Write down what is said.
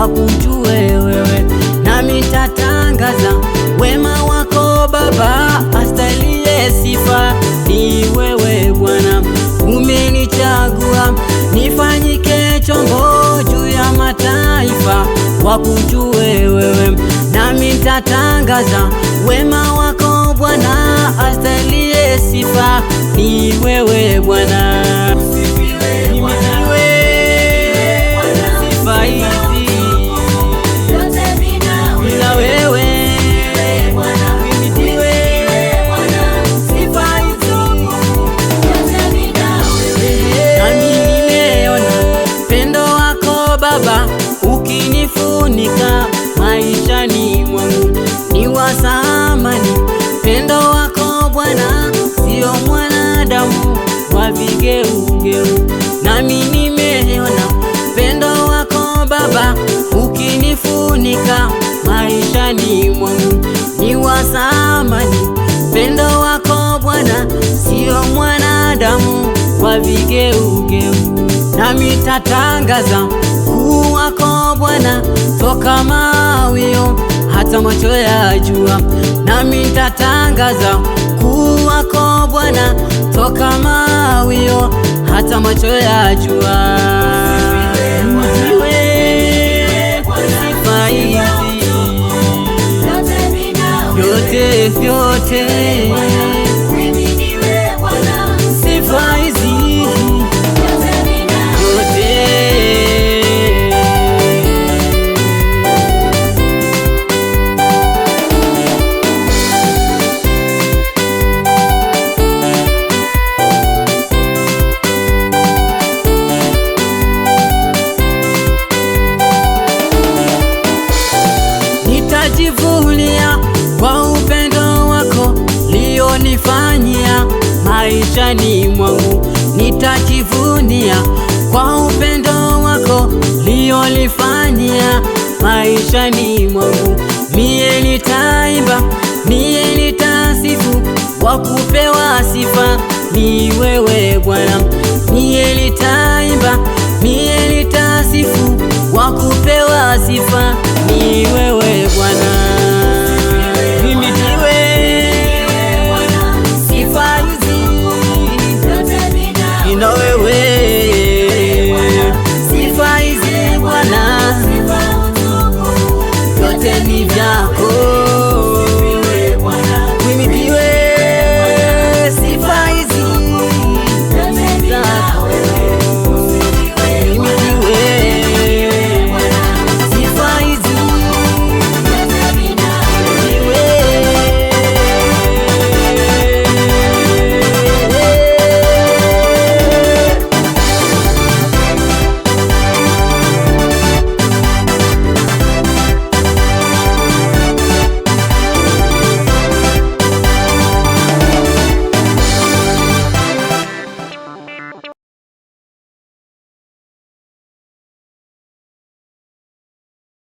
wakujue wewe, nami tatangaza wema wako Baba, astahiliye sifa ni wewe Bwana. Umenichagua nifanyike chombo juu ya mataifa wakujue wewe, nami tatangaza wema wako Bwana, astahiliye sifa ni wewe Bwana. ukinifunika maishani mwangu ni wasamani. Pendo wako Bwana sio mwanadamu wa vigeugeu, nami nimeona pendo wako Baba ukinifunika maishani mwangu ni wasamani. Pendo wako Bwana sio mwanadamu wa vigeugeu, nami tatangaza ukuu wako Bwana toka mawio hata macho ya jua, nami nitatangaza ukuu wako Bwana toka mawio hata macho ya jua. Yote, yote, yote. maishani mwangu, nitajivunia kwa upendo wako liolifanyia maishani mwangu. Mie nitaimba, mie nitasifu, wakupewa sifa ni wewe Bwana. Mie nitaimba, mie nitasifu, wakupewa sifa ni wewe Bwana.